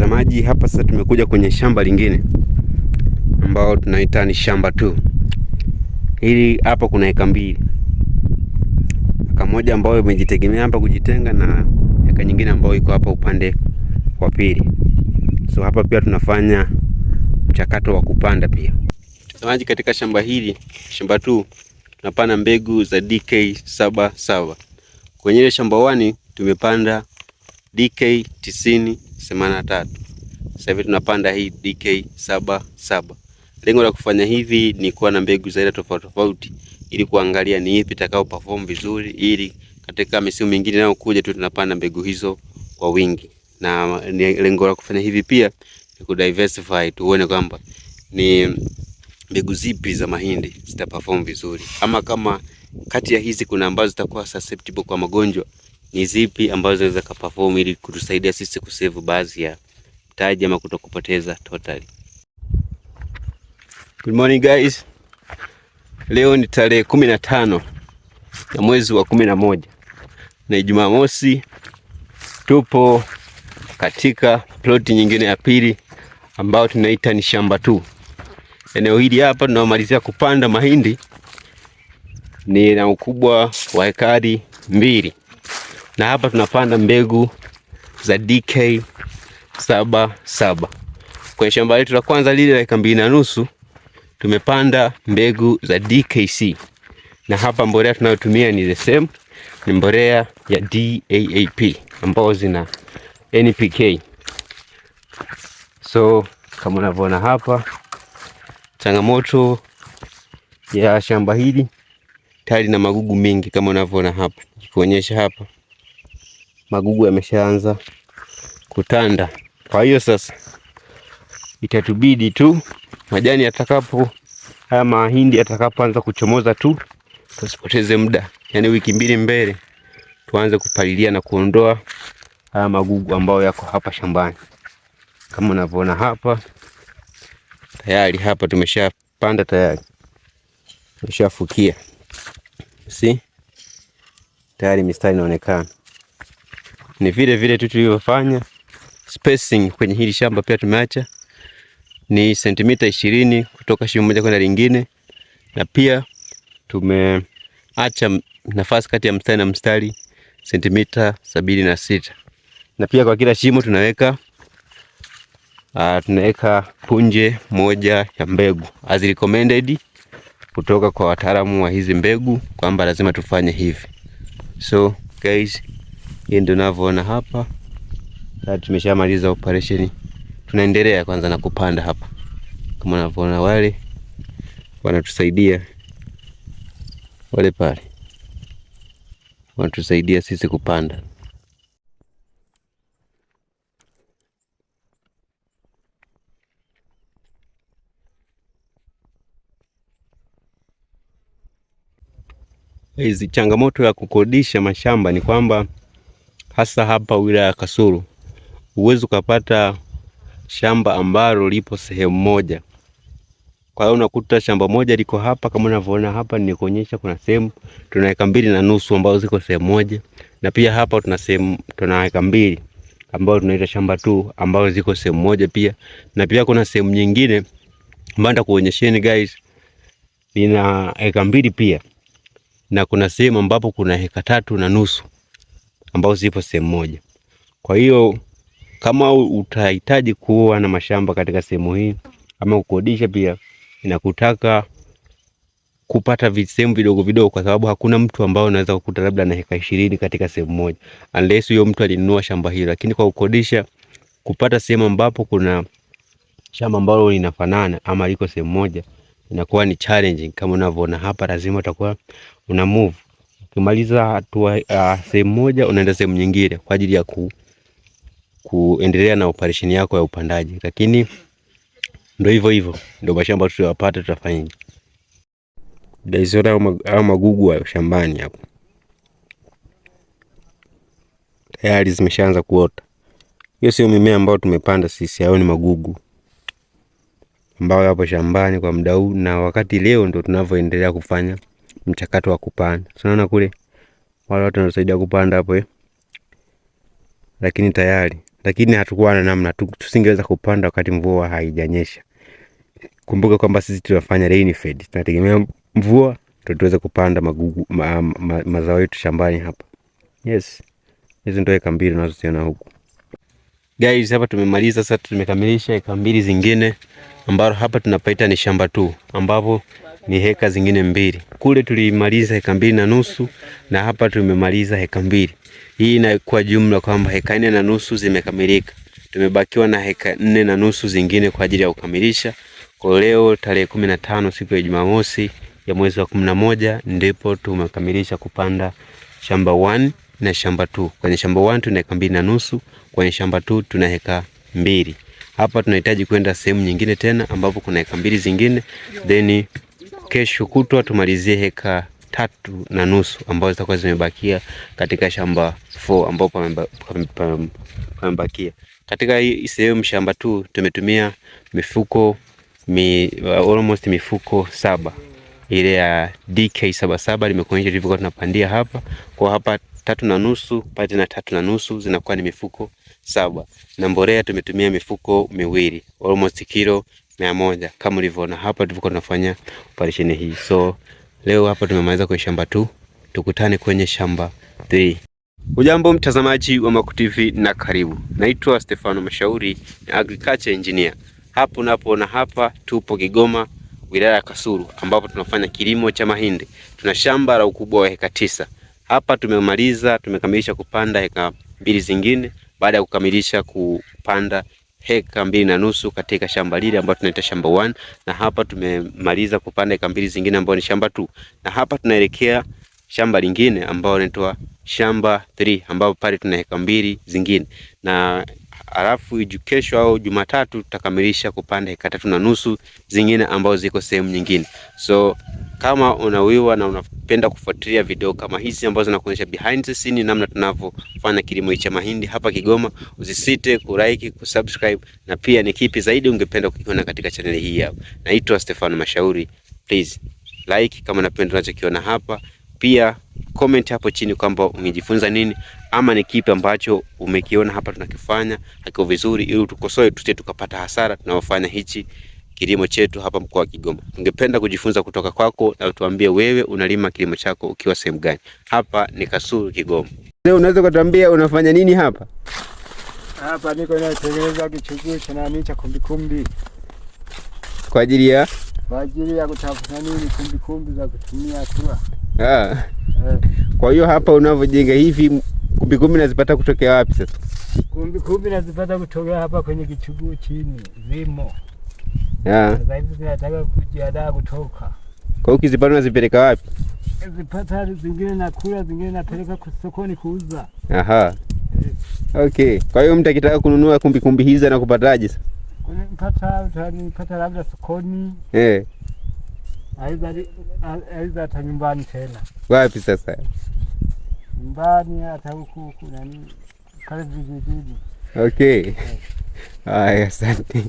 Mtazamaji, hapa sasa tumekuja kwenye shamba lingine ambao tunaita ni shamba tu. Hili hapa kuna eka mbili, eka moja ambayo imejitegemea hapa kujitenga na eka nyingine ambayo iko hapa upande wa pili. So hapa pia tunafanya mchakato wa kupanda pia. Mtazamaji, katika shamba hili shamba tu tunapanda mbegu za DK 77 kwenye ile shamba wani tumepanda DK tisini themanini tatu. Sasa hivi tunapanda hii DK saba saba. Lengo la kufanya hivi ni kuwa na mbegu za aina tofauti tofauti, ili kuangalia ni ipi itakao perform vizuri, ili katika misimu mingine inayokuja tu tunapanda mbegu hizo kwa wingi, na lengo la kufanya hivi pia ni ku diversify tuone kwamba ni mbegu zipi za mahindi zita perform vizuri, ama kama kati ya hizi kuna ambazo zitakuwa susceptible kwa magonjwa ni zipi ambazo zinaweza kaperform ili kutusaidia sisi kusave baadhi ya mtaji ama kutokupoteza totally. Good morning guys. Leo ni tarehe kumi na tano ya mwezi wa kumi na moja na Jumamosi, tupo katika ploti nyingine ya pili ambayo tunaita ni shamba tu. Eneo hili hapa tunamalizia kupanda mahindi, ni na ukubwa wa hekari mbili na hapa tunapanda mbegu za DK saba saba kwenye shamba letu la kwanza lile la eka mbili na nusu tumepanda mbegu za DKC na hapa mbolea tunayotumia ni the same, ni mbolea ya DAAP ambazo zina NPK. So kama unavyoona hapa, changamoto ya shamba hili tayari na magugu mengi, kama unavyoona hapa, ikuonyesha hapa magugu yameshaanza kutanda. Kwa hiyo sasa itatubidi tu majani yatakapo, haya mahindi yatakapoanza kuchomoza tu tusipoteze muda, yaani wiki mbili mbele tuanze kupalilia na kuondoa haya magugu ambayo yako hapa shambani. Kama unavyoona hapa tayari, hapa tumeshapanda tayari, tumeshafukia si tayari, mistari inaonekana ni vile vile tu tulivyofanya. Spacing kwenye hili shamba pia tumeacha ni sentimita ishirini kutoka shimo moja kwenda lingine, na pia tumeacha nafasi kati ya mstari na mstari sentimita sabini na sita na pia kwa kila shimo tunaweka uh, tunaweka punje moja ya mbegu as recommended kutoka kwa wataalamu wa hizi mbegu kwamba lazima tufanye hivi. So guys hii ndio unavyoona hapa. Sasa tumeshamaliza operation. Tunaendelea kwanza na kupanda hapa. Kama unavyoona wale wanatusaidia wale pale wanatusaidia sisi kupanda. Hizi changamoto ya kukodisha mashamba ni kwamba hasa hapa wilaya ya Kasulu, huwezi ukapata shamba ambalo lipo sehemu moja. Kwa hiyo unakuta shamba moja liko hapa, kama unavyoona hapa, nikuonyesha kuna sehemu tuna eka mbili na nusu ambazo ziko sehemu moja, na pia hapa tuna sehemu tuna eka mbili ambayo tunaita shamba tu ambazo ziko sehemu moja pia, na pia kuna sehemu nyingine ambayo nitakuonyesheni guys, nina eka mbili pia, na kuna sehemu ambapo kuna eka tatu na nusu ambazo zipo sehemu moja. Kwa hiyo kama utahitaji kuwa na mashamba katika sehemu hii ama kukodisha, pia inakutaka kupata visehemu vidogo vidogo, kwa sababu hakuna mtu ambao anaweza kukuta labda na heka ishirini katika sehemu moja, unless huyo mtu alinunua shamba hilo. Lakini kwa kukodisha, kupata sehemu ambapo kuna shamba ambalo linafanana ama liko sehemu moja, inakuwa ni challenging. Kama unavyoona hapa, lazima utakuwa una move Ukimaliza hatua uh, sehemu moja unaenda sehemu nyingine kwa ajili ya ku, kuendelea na operesheni yako ya upandaji, lakini ndo hivyo hivyo, ndo mashamba tutayapata, tutafanyaje? Daizora au magugu hayo shambani hapo tayari zimeshaanza kuota. Hiyo sio mimea ambayo tumepanda sisi, hayo ni magugu ambayo yapo shambani kwa muda huu, na wakati leo ndo tunavyoendelea kufanya mchakato wa kupanda. So, Tunaona kule wale watu wanasaidia kupanda hapo eh, lakini tayari, lakini hatukuwa na namna, tu, tusingeweza kupanda wakati mvua haijanyesha. Kumbuka kwamba sisi tunafanya rain fed, tunategemea mvua ndio tuweze kupanda magugu, ma, ma, ma, mazao yetu shambani hapa. Yes, hizo ndio eka mbili tunazoziona huku guys. Hapa tumemaliza sasa, tumekamilisha eka mbili zingine ambapo hapa tunapaita ni shamba tu ambapo ni heka zingine mbili. Kule tulimaliza heka mbili na nusu na hapa tumemaliza heka mbili. Hii na kwa jumla kwamba heka nne na nusu zimekamilika. Tumebakiwa na heka nne na nusu zingine kwa ajili ya kukamilisha. Kwa leo tarehe kumi na tano siku ya Jumamosi ya mwezi wa kumi na moja ndipo tumekamilisha kupanda shamba 1 na shamba 2. Kwenye shamba 1 tuna heka mbili na nusu, kwenye shamba 2 tuna heka mbili. Hapa tunahitaji kwenda sehemu nyingine tena ambapo kuna heka mbili zingine then kesho kutwa tumalizie heka tatu na nusu ambazo zitakuwa zimebakia katika shamba 4 ambapo pamebakia katika hii sehemu shamba tu tumetumia mifuko mi, uh, almost mifuko saba ile ya DK saba saba limekuonyesha tulivyokuwa tunapandia hapa kwa hapa tatu na nusu pati na tatu na nusu zinakuwa ni mifuko saba na mbolea tumetumia mifuko miwili almost kilo mia moja kama ulivyoona hapa tulivyokuwa tunafanya operesheni hii. So leo hapa tumemaliza kwenye shamba tu, tukutane kwenye shamba 3. Ujambo mtazamaji wa Maco TV na karibu. Naitwa Stefano Mashauri na agriculture engineer. Hapo unapoona hapa tupo Kigoma wilaya ya Kasulu ambapo tunafanya kilimo cha mahindi. Tuna shamba la ukubwa wa heka tisa. Hapa tumemaliza tumekamilisha kupanda heka mbili zingine baada ya kukamilisha kupanda heka mbili na nusu katika shamba lile ambalo tunaita shamba 1 na hapa tumemaliza kupanda heka mbili zingine ambao ni shamba 2 na hapa tunaelekea shamba lingine ambao linaitwa shamba 3 ambapo pale tuna heka mbili zingine na alafu kesho au Jumatatu tutakamilisha kupanda eka tatu na nusu zingine ambazo ziko sehemu nyingine. So kama unawiwa na unapenda kufuatilia video kama hizi ambazo zinakuonyesha behind the scene namna tunavyofanya kilimo cha mahindi hapa Kigoma, usisite kulike, kusubscribe na pia ni kipi zaidi ungependa kukiona katika channel hii hapa. Naitwa Stefano Mashauri. Please like kama unapenda unachokiona hapa, pia comment hapo chini kwamba umejifunza nini ama ni kipi ambacho umekiona hapa tunakifanya hakiko vizuri, ili tukosoe tusije tukapata hasara tunayofanya hichi kilimo chetu hapa mkoa wa Kigoma. Tungependa kujifunza kutoka kwako na utuambie wewe unalima kilimo chako ukiwa sehemu gani. Hapa ni Kasulu Kigoma. Leo unaweza kutuambia unafanya nini hapa? Hapa niko natengeneza kichuguu cha nani cha kumbikumbi. Kwa ajili ya kwa ajili ya kutafuta nini kumbikumbi za kutumia kula. Ah. Eh. Kwa hiyo hapa unavyojenga hivi Kumbi kumbi nazipata kutokea wapi sasa? Kumbi kumbi nazipata kutokea hapa kwenye kichuguu chini, zimo sasa hivi zinataka kujiandaa kutoka kwa. Ukizipata unazipeleka wapi? Zipata zingine nakula, zingine napeleka sokoni kuuza. Aha, eh. okay. Kwa hiyo mtu akitaka kununua kumbi kumbi hizi anakupataje sasa? Mpata utanipata labda sokoni eh, aidha aidha hata nyumbani tena. Wapi sasa? nyumbani hata huku huku nani kazi vijijini. Okay, haya, asante.